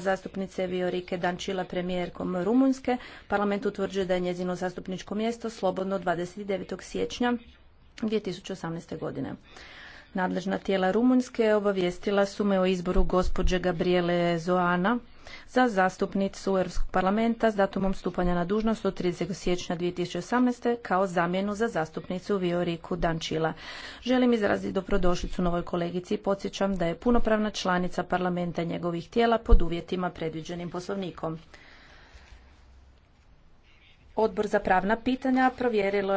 zastupnice Viorike Dančila premijerkom Rumunjske. Parlament utvrđuje da je njezino zastupničko mjesto slobodno 29. siječnja 2018. godine. Nadležna tijela Rumunjske obavijestila su me o izboru gospođe Gabriele Zoana za zastupnicu Europskog parlamenta s datumom stupanja na dužnost od 30. siječnja 2018. kao zamjenu za zastupnicu Vioriku Dančila. Želim izraziti dobrodošlicu novoj kolegici i podsjećam da je punopravna članica parlamenta njegovih tijela pod uvjetima predviđenim poslovnikom. Odbor za pravna pitanja provjerilo